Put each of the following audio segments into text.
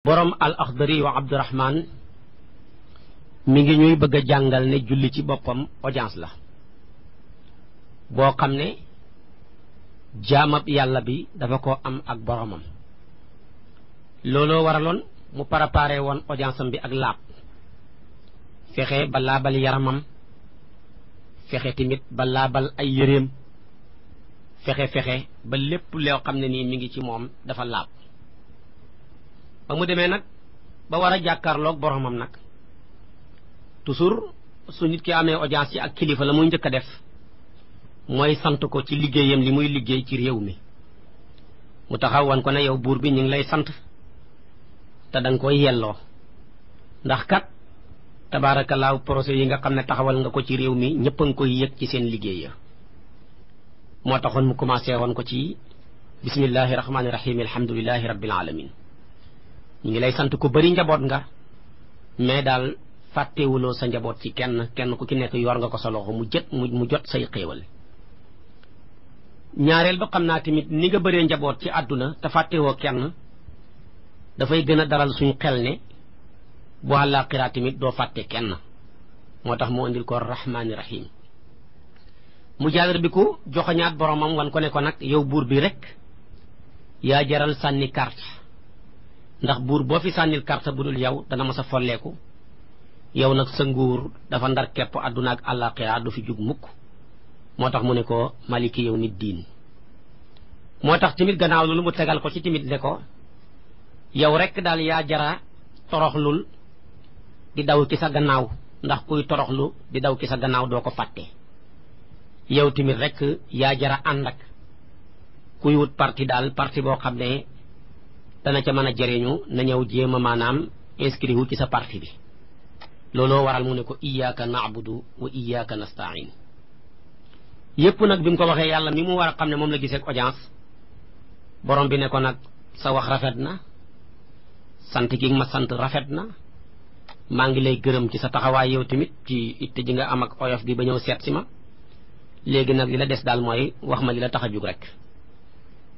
boroom al axdari wa abdurahman mi ngi ñuy bëgg a jàngal ne julli ci boppam audience la boo xam ne jaamab yàlla bi dafa ko am ak boroomam looloo waraloon mu préparé woon audience bi ak laab fexe ba laabal yaramam fexe tamit ba laabal ay yëreem fexe fexe ba lépp loo xam ne nii mi ngi ci moom dafa laab ba mu demee nag ba war a jàkkaarloog boromam nag toujours su nit ki amee audience yi ak kilifa la muy njëkk a def mooy sant ko ci liggéeyam li muy liggéey ci réew mi mu taxaw wan ko ne yow buur bi ñu ngi lay sant te da nga koy yelloo ndax kat laaw projet yi nga xam ne taxawal nga ko ci réew mi ñëpp a ngi koy yëg ci seen liggéey ya moo taxoon mu commencé woon ko ci bismillahi rahmaani rahim alhamdulilahi rabbil alamin ñu ngi lay sant ku bëri njaboot nga mais daal fàttewuloo sa njaboot ci kenn kenn ku ci nekk yor nga ko sa loxo mu jët mu jot say xéewal ñaareel ba xam naa tamit ni nga bëree njaboot ci àdduna te fàttewoo kenn dafay gën a daral suñu xel ne bu àllaaxiraa tamit doo fàtte kenn moo tax mu indil ko rahmaani rahim mu jaalir bi ku joxoñaat boromam wan ko ne ko nag yow buur bi rek yaa jaral sànni carte ndax buur boo fi sànnil karta bu dul yow dana mas a folleeku yow nag sa nguur dafa ndar kepp àdduna ak àllaaxira du fi jug mukk moo tax mu ne ko maliki yow nit diin moo tax tamit gannaaw lu mu tegal ko ci tamit ne ko yow rekk daal yaa jara toroxlul di daw ki sa gannaaw ndax kuy toroxlu di daw ki sa gannaaw doo ko fàtte yow tamit rekk yaa jara ànd ak kuy wut parti daal parti boo xam ne dana ca mën a jëriñu na ñëw jéem a maanaam inscrit ci sa parti bi looloo waral mu ne ko iyyaka na'budu wa iyyaka nasta'in yépp nag bi mu ko waxee yàlla mi mu war a xam ne moom la giseek audience borom bi ne ko nag sa wax rafet na sant gi ma sant rafet na maa ngi lay gërëm ci sa taxawaay yow tamit ci itte ji nga am ak oyof gi ba ñëw seet si ma léegi nag li la des daal mooy wax ma li la tax a jug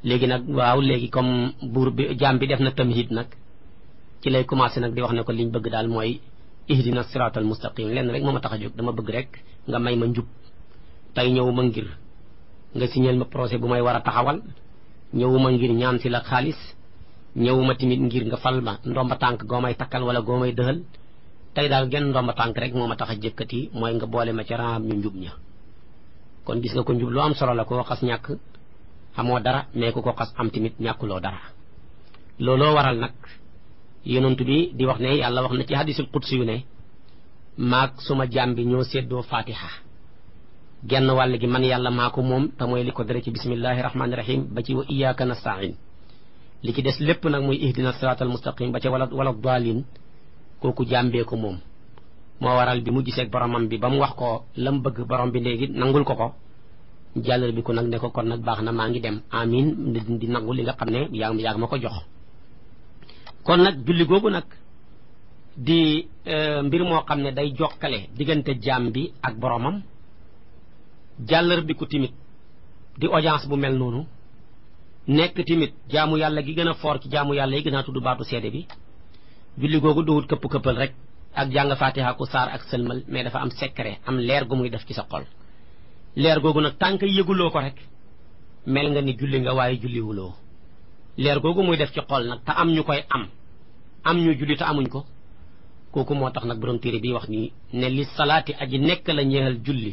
léegi nag waaw léegi comme buur bi jaam bi def na tamhid nag ci lay commencé nag di wax ne ko liñ bëgg daal mooy ihdina siraatal mustaqim lenn rek moo ma tax a jóg dama bëgg rek nga may ma njub tey ñëwuma ngir nga signal ma projet bu may war a taxawal ñëwuma ngir ñaan si la xaalis ñëwuma tamit ngir nga fal ma ndomba tànk goo may takkal wala goo may dëxal tey daal genn ndomba tànk rek moo ma tax a jëkkati mooy nga boole ma ca raam ñu njub ña kon gis nga ko njub lu am solo la koo xas ñàkk amoo dara mais ku ko xas am tamit ñàkkuloo dara looloo waral nag yonent bi di wax ne yàlla wax na ci hadisul qudsi yu ne maag suma jaam bi ñoo seddoo fatiha genn wàll gi man yàlla maa ko moom te mooy li ko dara ci bismillahi rahmaani rahim ba ci wa iyyaka nasta'in li ci des lépp nag muy ihdina siraatal mustaqim ba ca walla wala daalin kooku jàmbee ko moom moo waral bi mu giseeg boromam bi ba mu wax ko lam bëgg borom bi léegi nangul ko ko jàllar bi ko nag ne ko kon nag baax na maa ngi dem amin di nangu li nga xam ne yaa yaa ma ko jox kon nag julli googu nag di e, mbir moo xam ne day jokkale diggante jaam bi ak boroomam jàllar bi ko timit di audience bu mel noonu nekk timit jaamu yàlla gi gën a foor ci jaamu yàlla yi gën a tudd baatu seede bi julli googu duwut këpp këppal rek ak jàng faatiha ku saar ak sëlmal mais dafa am secret am leer gu muy def ci sa xol leer googu nag tànk yëguloo ko rek mel nga ni julli nga waaye julliwuloo leer googu muy def ci xol nag te am ñu koy am am ñu julli te amuñ ko kooku moo tax nag borom téere bi wax nii ne li salaati aji nekk la ñeexal julli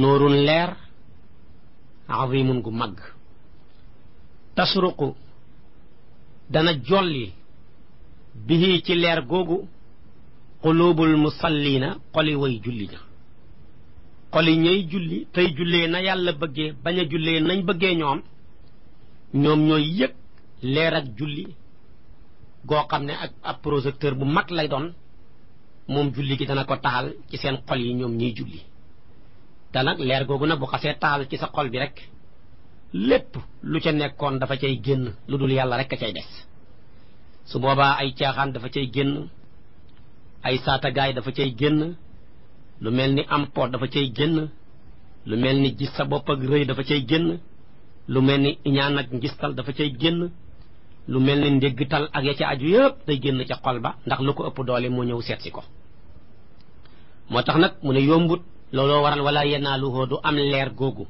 nóorun leer azimun gu màgg tasruqu dana jolli bihi ci leer googu qulubul musallina xoli way julli ña yi ñay julli tey jullee na yàlla bëggee bañ a jullee nañ bëggee ñoom ñoom ñooy yëg leer ak julli goo xam ne ak ab projecteur bu mag lay doon moom julli gi dana ko taxal ci seen xol yi ñoom ñiy julli te nag leer googu nag bu xasee taal ci sa xol bi rek lépp lu ca nekkoon dafa cay génn lu dul yàlla rek a cay des su boobaa ay caaxaan dafa cay génn ay saatagaay dafa cay génn lu mel ni am poot dafa cay génn lu mel ni gis sa bopp ak rëy dafa cay génn lu mel ni iñaan ak ngistal dafa cay génn lu mel ni ndéggtal ak ya ca aju yëpp day génn ca xol ba ndax lu ko ëpp doole moo ñëw seet ko moo tax nag mu ne yombut looloo waral wala yenaaluhoo du am leer googu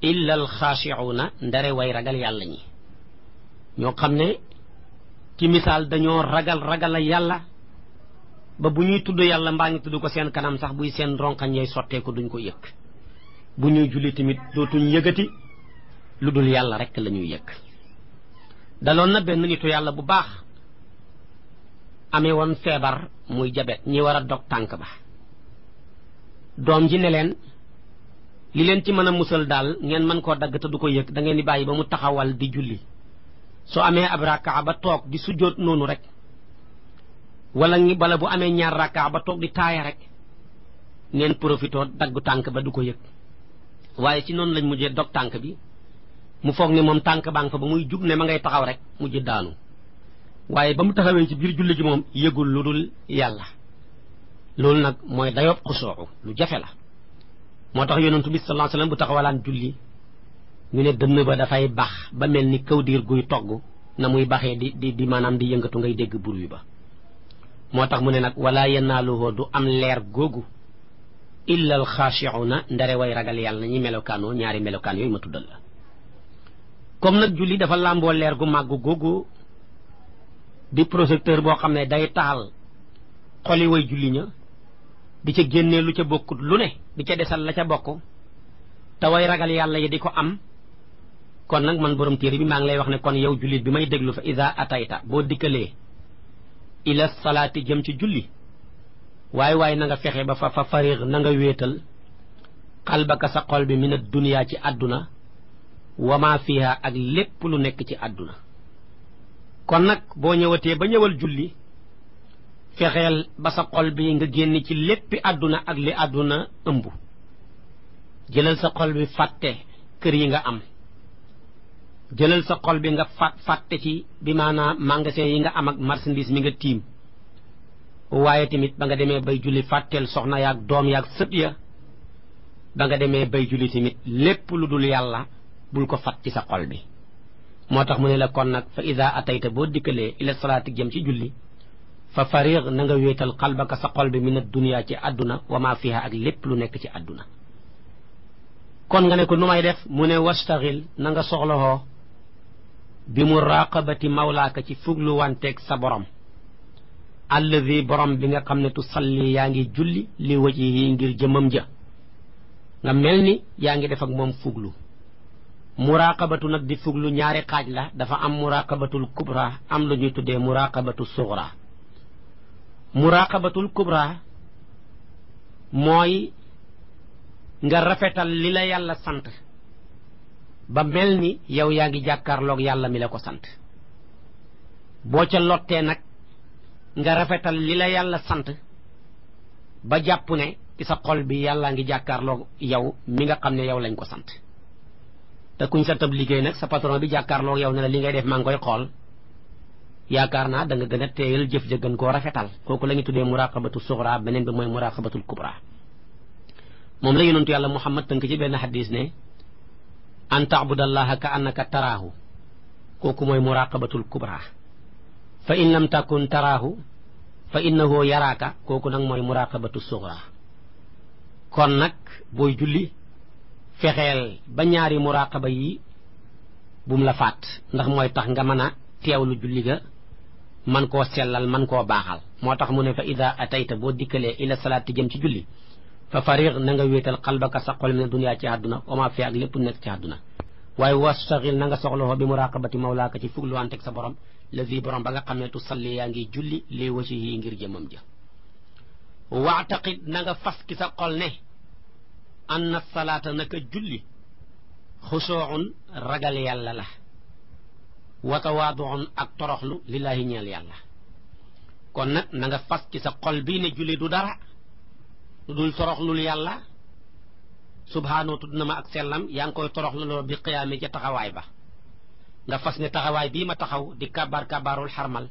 illa al xaashiuuna ndare way ragal yàlla ñi ñoo xam ne ci misaal dañoo ragal ragal yàlla ba bu ñuy tudd yàlla mbaa ñu tudd ko seen kanam sax buy seen ronkañ yay sotteeku duñ ko yëg bu ñuy julli tamit dootuñ yëgati lu dul yàlla rekk lañuy ñuy yëg daloon na benn nitu yàlla bu baax amee woon feebar muy jabet ñi war a dog tànk ba doom ji ne leen li leen ci mën a musal daal ngeen mën koo dagg te du ko yëg dangeen di bàyyi ba mu taxawal di julli soo amee ab rakaa ba toog di sujjóot noonu rek wala ngi bala bu amee ñaar rakka ba toog di taaya rek neen profitoo daggu tànk ba du ko yëg waaye ci noonu lañ mujjee dog tànk bi mu foog ne moom tànk baa nga fa ba muy jug ne ma ngay taxaw rek mujj daanu waaye ba mu taxawee ci biir julli ji moom yëgul lu dul yàlla loolu nag mooy dayoob xusooxu lu jafe la moo tax yonentu bi sallallahu alayhi wasallam bu taxawalaan julli ñu ne dënn ba dafay bax ba mel ni kaw diir guy togg na muy baxee di di di maanaam di yëngatu ngay dégg bur ba moo tax mu ne nag wala yanaaluhu du am leer googu illal xaashiuna ndare way ragal yàlla ñi melokaanoo ñaari melokaan yooyu ma tuddal la comme nag julli dafa làmboo leer gu màgg googu di projecteur boo xam ne day taal xoli way julli ña di ca génnee lu ca bokkut lu ne di ca desal la ca bokk te way ragal yàlla yi di ko am kon nag man borom téere bi maa ngi lay wax ne kon yow jullit bi may déglu fa ida atayta boo dikkalee ila salaati jëm ci julli waaye waaye na fexe ba fa fa fariix na wéetal xalbaka sa xol bi mina duniyaa ci àdduna wama ak lépp lu nekk ci àdduna kon nag boo ñëwatee ba ñëwal julli fexeel ba sa xol bi nga génn ci léppi àdduna ak li àdduna ëmb jëlal sa xol bi fàtte kër yi nga am jëlal sa xol bi nga fa fàtte ci bi maanaam magasin yi nga am ak marchandise mi nga tiim waaye tamit ba nga demee bay julli fàtteel soxna yaag doom yaag sët ya ba nga demee bay julli tamit lépp lu dul yàlla bul ko fat ci sa xol bi moo tax mu ne la kon nag fa ida atayta boo dikkalee ila salaati jëm ci julli fa fariig na nga wéetal xalbaka sa xol bi min ad-dunya ci àdduna wa ma fiha ak lépp lu nekk ci àdduna kon nga ne ko nu may def mu ne wastaxil bi mu raqabati mawlaaka ci fugluwanteeg sa borom allazi borom bi nga xam ne tu salli yaa ngiy julli li waj yi ngir jëmmam ja nga mel ni yaa ngi def ak moom fuglu muraqabatu nag di fuglu ñaari xaaj la dafa am muraqabatul kubra am lu ñuy tuddee muraqabatu suxra muraqabatul kubra mooy nga rafetal li la yàlla sant ba mel ni yow yaa ngi jàkkaarlook yàlla mi la ko sant boo ca lottee nag nga rafetal li la yàlla sant ba jàpp ne ci sa xol bi yàllaa ngi jàkkaarloog yow mi nga xam ne yow lañ ko sant te kuñ sa tab liggéey nag sa patron bi jàkkaarloog yow ne la li ngay def maa ngi koy xool yaakaar naa da nga gën a teeyal jëf ja gën koo rafetal kooku la ñu tuddee muraqabatu suxra beneen bi mooy muraqabatul kubra moom la yonentu yàlla muhammad tënk ci benn xadis ne an taabudallaha ka annaka taraahu kooku mooy muraqabatul kubra fa in lam takun taraaxu fa innahu yaraaka kooku nag mooy muraqabatu suxra kon nag booy julli fexeel ba ñaari muraqaba yi bum la ndax mooy tax nga mën a teewlu julli ga man koo sellal man koo baaxal moo tax mu ne fa ida atayta boo dikkalee ila salaati jëm ci julli fa fariq na nga wéetal xalbaka sa xol mi ne duniyaa ci àdduna oma fi ak lépp nekk ci àdduna waaye wastaxil na nga soxlawoo bi muraqabati mawlaaka ci fugluwanteeg sa borom lazi borom ba nga xam ne tu salli yaa ngi julli li wajhihi ngir jëmam jë waataqid na nga fas ki sa xol ne anna salaata nag julli xusuun ragal yàlla la wa tawaaduun ak toroxlu lillaahi ñeel yàlla kon nag fas ci sa xol bii ne julli du dara lu dul toroxlul yàlla subhaanahu tudd na ma ak sellam yaa ngi koy toroxluloo bi qiyaami ca taxawaay ba nga fas ne taxawaay bii ma taxaw di kabaar kabaarul xarmal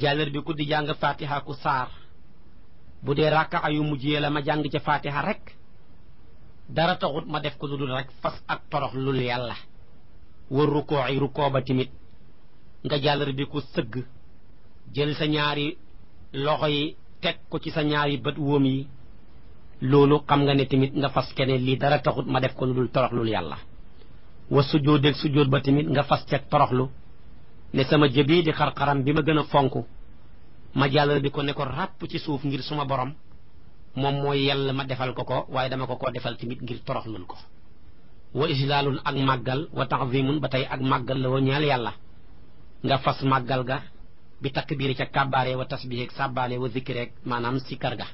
jàllar ku di jàng fatiha saar bu dee ràkka yu mujjee la ma jàng ca fatiha rek dara taxut ma def ko lu dul rek fas ak toroxlul yàlla war rukoo yi rukoo ba timit nga jàllar ku sëgg jël sa ñaari loxo yi teg ko ci sa ñaari bët wóom yi loolu xam nga ne tamit nga fas keneen lii dara taxut ma def ko lu dul toroxlul yàlla wa sujjóot ak sujjóot ba tamit nga fas teg toroxlu ne sama jëbii di xar-xaram bi ma gën a fonk ma jàllal bi ko ne ko ràpp ci suuf ngir suma borom moom mooy yàlla ma defal ko ko waaye dama ko ko defal tamit ngir toroxlul ko wa islaalun ak màggal wa taxzimun ba tey ak màggal la woo ñaal yàlla nga fas màggal ga bi takbiiri ca kàbbaare wa tasbihi ak sàbbaale wa zikri rek maanaam sikkar ga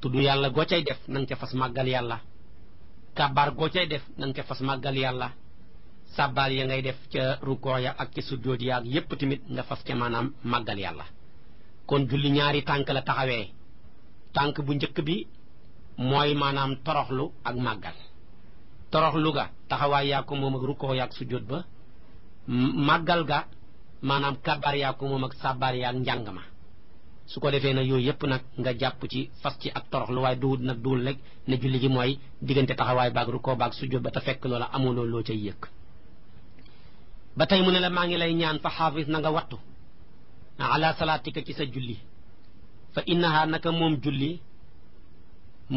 tudd yàlla goo cay def na nga ca fas màggal yàlla kàbbaar goo cay def na nga fas màggal yàlla sàbbaal ngay def ca rukkoo ya ak ca sujjóot ya yépp tamit nga fas ca maanaam màggal yàlla kon julli ñaari tànk la taxawee tànk bu njëkk bi mooy maanaam toroxlu ak màggal toroxlu ga taxawaay yaa ko moom ak rukkoo ak sujjóot ba màggal ga maanaam kabaar yaa ko moom ak sabaar yaa njàng ma su ko defee na yooyu yëpp nag nga jàpp ci fas ci ak torox lu waaye duwul nag duwul rek ne julli gi mooy diggante taxawaay baag rukkoo baag sujjóot ba te fekk loola amuloo loo ca yëkk ba tey mu ne la maa ngi lay ñaan fa xaafis na nga waxtu ala salaatika ci sa julli fa innaha naka moom julli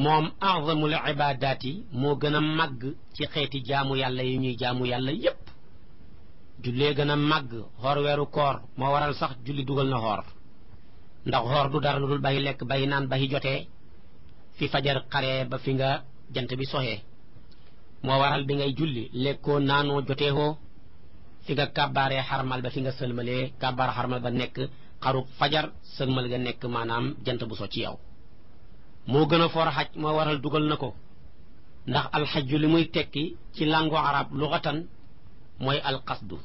moom azamul ibaadaat yi moo gën a màgg ci xeeti jaamu yàlla yi ñuy jaamu yàlla yëpp jullee gën a màgg xoor weeru koor moo waral sax julli dugal na xoor ndax xoor du dara lu dul bàyyi lekk bay naan bàyyi jotee fi fajar xaree ba fi nga jant bi soxee moo waral bi ngay julli lekkoo naanoo joteekoo fi nga kàbbaaree xarmal ba fi nga sëlmalee kàbbaar xarmal ba nekk xaru fajar sëlmal nga nekk maanaam jant bu so ci yow moo gën a foor xaj moo waral dugal na ko ndax alxajju li muy tekki ci làngu arab luxatan mooy alqasdu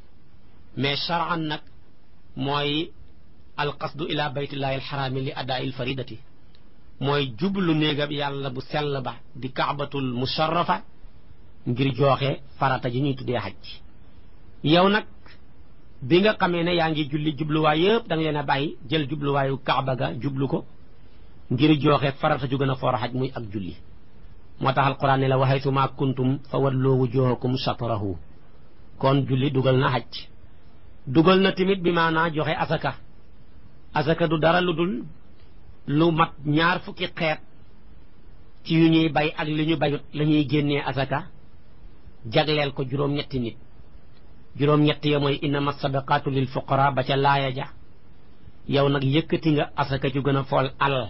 mais charan nag mooy alqasdu ila baytillahi alxarami li adaa il faridati mooy jublu néegab yàlla bu sell ba di kaabatul musharrafa ngir jooxe farata ji ñuy tuddee xaj yow nag bi nga xamee ne yaa ngi julli jubluwaay yëpp da nga jël jubluwaayu kaaba ga jublu ko ngir jooxe farata ju gën a foor xaj muy ak julli moo tax alquran ne la wa haytuma kuntum fa walloo wujuhakum shatrahu kon julli dugal na xaj dugal na tamit bi naa joxe asaka asaka du dara lu dul lu mat ñaar fukki xeet ci yu ñuy bay ak li ñu bayut la ñuy génnee asaka jagleel ko juróom-ñetti nit juróom-ñetti ya mooy innama sadaqaatu lil fuqara ba ca laaya ja yow nag yëkkati nga asaka ju gën a fool alal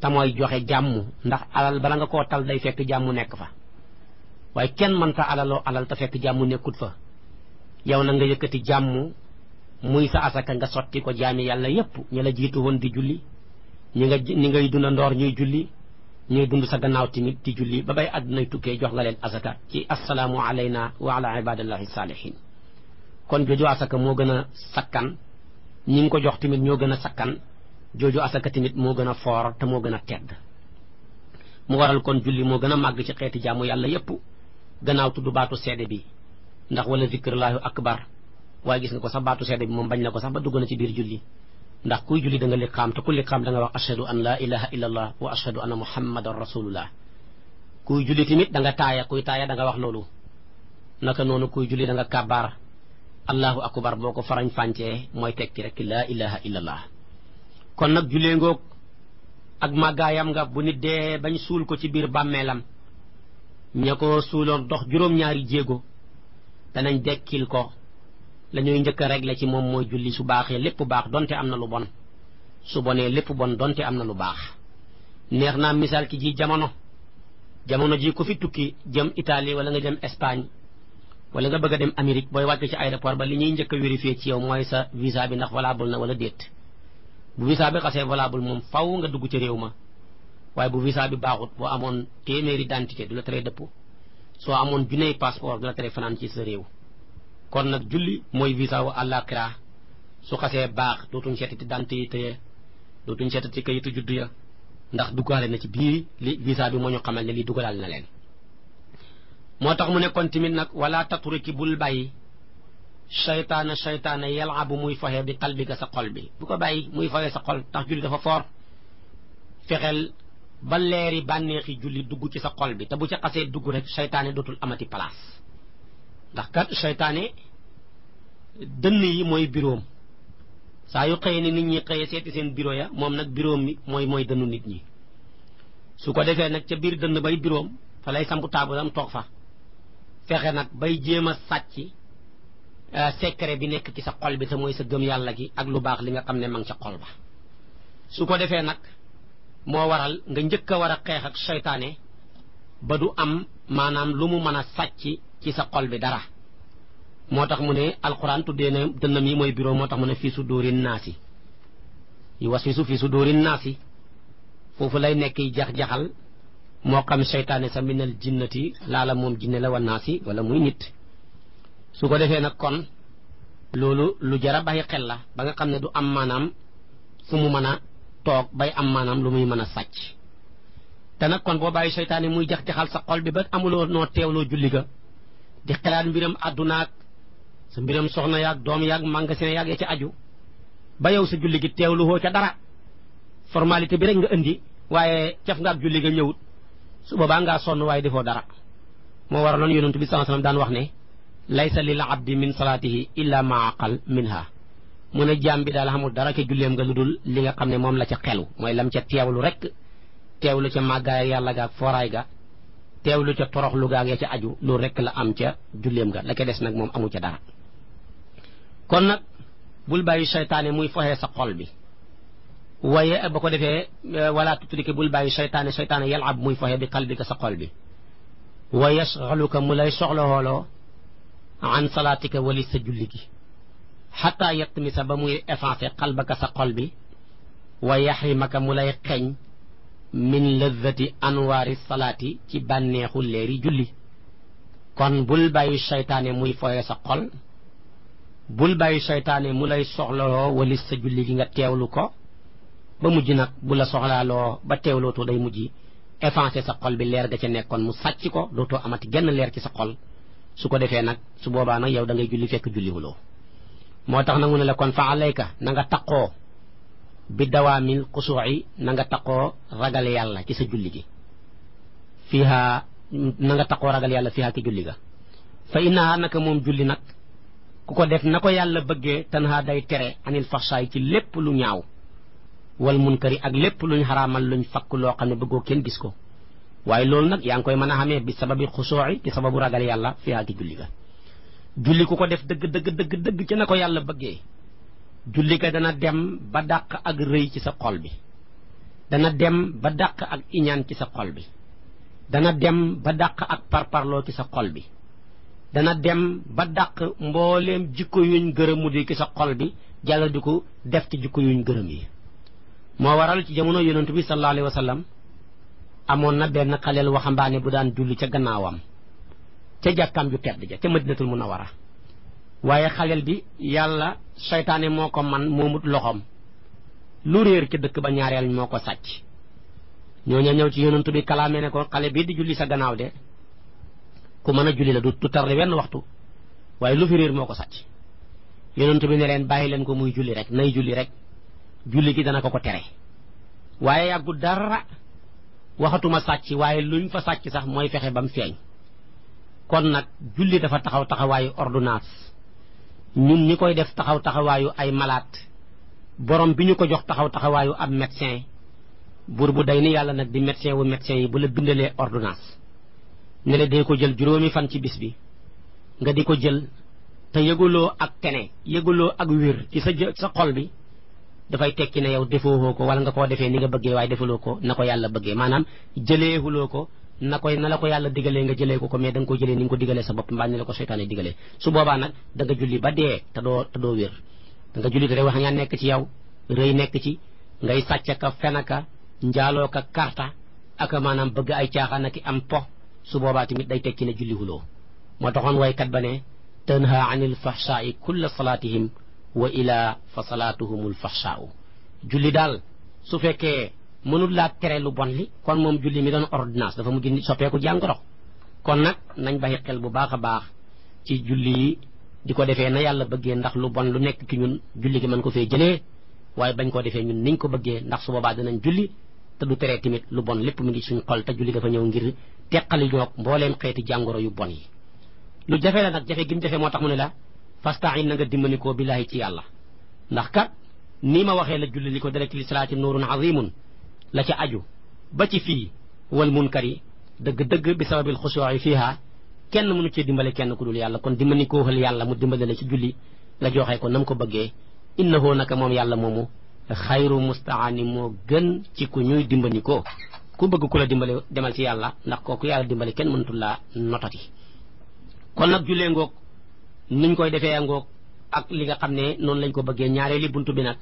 te mooy joxe jàmmu ndax alal bala nga ko tal day fekk jàmmu nekk fa waaye kenn mënta alaloo alal te fekk jàmmu nekkut fa yow na nga yëkkati jàmm muy sa asaka nga sotti ko jaami yàlla yépp ñi la jiitu woon di julli ñi nga ñi ngay dund ndoor ñuy julli ñuy dund sa gannaaw timit di julli ba bay àddunay tukkee jox nga leen asaka ci assalaamu alayna wa ala ibadillahi kon jooju asaka moo gën a sakkan ñi ko jox tamit ñoo gën a sakkan jooju asaka tamit moo gën a foor te moo gën a tedd mu waral kon julli moo gën a màgg ci xeeti jàmm yàlla yépp gannaaw tudd baatu seede bi ndax wala zikrullaahi akbar waaye gis nga ko sa baatu seede bi moom bañ na ko sax ba dugg na ci biir julli ndax kuy julli da nga liqaam te ku liqaam da nga wax ashhadu an laa ilaha illa allah wa ashhadu anna muhammadan rasulullah kuy julli tamit da nga taaya kuy taaya da nga wax loolu naka noonu kuy julli danga nga kàbbaar allahu akbar boo ko farañ fàncee mooy tekki rek laa ilaha illa allah kon nag jullee ngoog ak màggaayam nga bu nit dee bañ suul ko ci biir bàmmeelam ña ko suuloon dox juróom-ñaari jéego danañ dekkil ko la ñuy njëkk a régler ci moom mooy julli su baaxee lépp baax donte am na lu bon su bonee lépp bon donte am na lu baax neex naa misaal ci ji jamono jamono ji ku fi tukki jëm Italie wala nga jëm Espagne wala nga bëgg a dem Amérique booy wàcc ci aéroport ba li ñuy njëkk a ci yow mooy sa visa bi ndax valable na wala déet bu visa bi xasee valable moom faw nga dugg ci réew ma waaye bu visa bi baaxut boo amoon téeméeri identité du la tere dëpp soo amoon junneey passeport dina tere fanaan ci sa réew kon nag julli mooy visa wu àllaaxira su xasee baax dootuñ seetati dante yi tëye dootuñ seetati kayitu juddu ya ndax duggaale na ci biir li visa bi moo ñu xamal ne lii dugalaal na leen moo tax mu nekkoon tamit nag walla taturiki bul bàyyi seytaana seytaana yalabu muy foxe bi qalbika sa xol bi bu ko bàyyi muy foxe sa xol ndax julli dafa foor fexeel ba leeri bànneexi julli dugg ci sa xol bi te bu ca xasee dugg rek seytaane dootul amati place ndax kat seytaane dënn yi mooy biroom saa yu xëyee ni nit ñi seeti seen biro ya moom nag biroom mooy mooy dënnu nit ñi su ko defee nag ca biir dënn bay biroom fa lay taabu taabalam toog fa fexe nag bay jéem a sàcc euh, secret bi nekk ci sa xol bi te mooy sa gëm yàlla gi ak lu baax li nga xam ne ma ngi ca xol ba su ko defee nag moo waral nga njëkk a war a xeex ak seytaane ba du am maanaam lu mu mën a sàcc ci sa xol bi dara moo tax mu ne alxuraan tuddee na dënnam yi mooy bureau moo tax mu ne fii su dóorin naas yi yu was fisu fii su dóori naas yi foofu lay nekk jax-jaxal moo xam seytaane sa minal jinnati laala moom jinne la wa naas yi wala muy nit su ko defee nag kon loolu lu jar a bàyyi xel la ba nga xam ne du am maanaam fu mu mën a toog bay am maanaam lu muy mën a sàcc te nag kon boo bàyyi seytaane muy jax jaxal sa xol bi ba amuloo noo teewloo julli ga di xelaat mbiram àddunaak sa mbiram soxna yaag doom yaag magasin yàgg ya ci aju ba yow sa julli gi teewlu ca dara formalité bi rek nga indi waaye caf nga ak julli ga ñëwut su boobaa ngaa sonn waaye defoo dara moo waraloon yonent bi sallallahu alayhi daan wax ne laysa lil abdi min salaatihi illa ma aqal minha mu ne jaam bi daal xamul dara ca julleem nga lu dul li nga xam ne moom la ca xelu mooy lam ca teewlu rek teewlu ca màggaay yàlla gaag fooraay ga teew lu ca toroxlu gaag ya ca aju lu rek la am ca julleem ga la ca des nag moom amu ca dara kon nag bul bàyyi seytaane muy foxee sa xol bi waaye ba ko defee eh, wala tutriki bul bàyyi seytaane seytaane yalab muy foxee bi qalbika sa xol bi wa yasxaluka mu lay soxla xooloo an salaatika wali sa julli gi xataa sax ba muy effacé xalbaka sa xol bi wa yaxrimaka mu lay xeeñ min lëzzati anwaari salaati ci bànneexu leeri julli kon bul bàyyi seytaane muy foye sa xol bul bàyyi seytaane mu lay soxlaloo walis sa julli gi nga teewlu ko ba mujj nag bu la soxlaaloo ba teewlootoo day mujj effacé sa xol bi leer ga ca nekkoon mu sàcc ko dootoo amati genn leer ci sa xol su ko defee nag su boobaa nag yow da ngay julli fekk julliwuloo moo tax nag mu ne la kon fa alayka na nga taqoo bi dawaamil xusuuci na nga taqoo ragal yàlla ci sa julli gi fiiha na nga taqoo ragal yàlla fiiha ki julli ga fa innaha naka moom julli nag ku ko def na ko yàlla bëggee tanha day tere anil faxsaay ci lépp lu ñaaw wal munkari ak lépp luñ xaraamal luñ fakk loo xam ne bëggoo kenn gis ko waaye loolu nag yaa ngi koy mën a xamee bi sababi xusuuci ci sababu ragal yàlla fiiha ki julli ga julli ku ko def dëgg dëgg dëgg dëgg ci na ko yàlla bëggee julli ka dana dem ba dàq ak rëy ci sa xol bi dana dem ba dàq ak iñaan ci sa xol bi dana dem ba dàq ak parparloo ci sa xol bi dana dem ba dàq mbooleem jikko yuñ mu di ci sa xol bi jàlla di ko def ci jikko yuñ gërëm yi moo waral ci jamono yonent bi sallallahu alayhi wa sallam amoon na benn xaleel waxambaane bu daan julli ca gannaawam ca jàkkaam ju tedd ja ca a munawara waaye xalel bi yàlla seytaane moo ko man moomut loxoom lu réer ca dëkk ba ñaareel moo ko sàcc ñooña ñëw ci yonantu bi kalaame ne ko xale bii di julli sa gannaaw de ku mën a julli la du tarde wenn waxtu waaye lu fi réer moo ko sàcc yonantu bi ne leen bàyyi leen ko muy julli rek nay julli rek julli gi dana ko ko tere waaye yàggu dara waxatuma sàcc waaye luñ fa sàcc sax mooy fexe ba mu feeñ kon nag julli dafa taxaw taxawaayu ordonnance ñun ñi koy def taxaw taxawaayu ay malaat borom bi ñu ko jox taxaw taxawaayu ab médecin buur bu day ni yàlla nag di médecin wu médecin yi bu la bindalee ordonnance ne dee ko jël juróomi fan ci bis bi nga di ko jël te yëguloo ak kene yëguloo ak wér ci sa sa xol bi dafay tekki na yow defoo ko wala nga koo defee ni nga bëggee waaye defuloo ko na ko yàlla bëggee maanaam jëleehuloo ko na koy na la ko yàlla digalee nga jëlee ko ko mais da nga ko jëlee ni nga ko digalee sa bopp ni la ko seytaane digalee su boobaa nag da julli ba dee te doo te doo wér da nga julli te rek wax ñaan nekk ci yow rëy nekk ci ngay sàcc ka fen aka njaaloo ka karta aka maanaam bëgg ay caaxaan ak am po su boobaa tamit day tekki ne julli huloo moo taxoon waykat ba ne tanha anil fahshaai kulla salaatihim wa ila fa salaatuhumul fahshaau julli daal su fekkee mënul laa tere lu bon li kon moom julli mi doon ordonnance dafa mu nit soppeeku jàngoro kon nag nañ bàyyi xel bu baax a baax ci julli yi di ko defee na yàlla bëggee ndax lu bon lu nekk ki ñun julli gi mën ko fee jënee waaye bañ koo defee ñun niñ ko bëggee ndax su boobaa danañ julli te du teree tamit lu bon lépp mu ngi suñ xol te julli dafa ñëw ngir teqali ñoog mbooleem xeeti jàngoro yu bon yi lu jafe la nag jafe gi mu jafe moo tax mu ne la fastain na nga dimbanikoo billaahi ci yàlla ndax nii ma waxee la julli li ko dara ci li salaati nuurun azimun la ca aju ba ci fii wal munkari dëgg-dëgg bi sababil xusuwaay fiiha kenn mënu cee dimbale kenn ku dul yàlla kon dimbali koo xal yàlla mu dimbale la ci julli nga joxe ko nam ko bëggee innahu naka moom yàlla moomu xayru mustaani moo gën ci ku ñuy dimbali ko ku bëgg ku la dimbale demal ci yàlla ndax kooku yàlla dimbale kenn mënatul laa notati kon nag jullee ngoog nuñ koy defee ngoog ak li nga xam ne noonu lañ ko bëggee ñaareeli bunt bi nag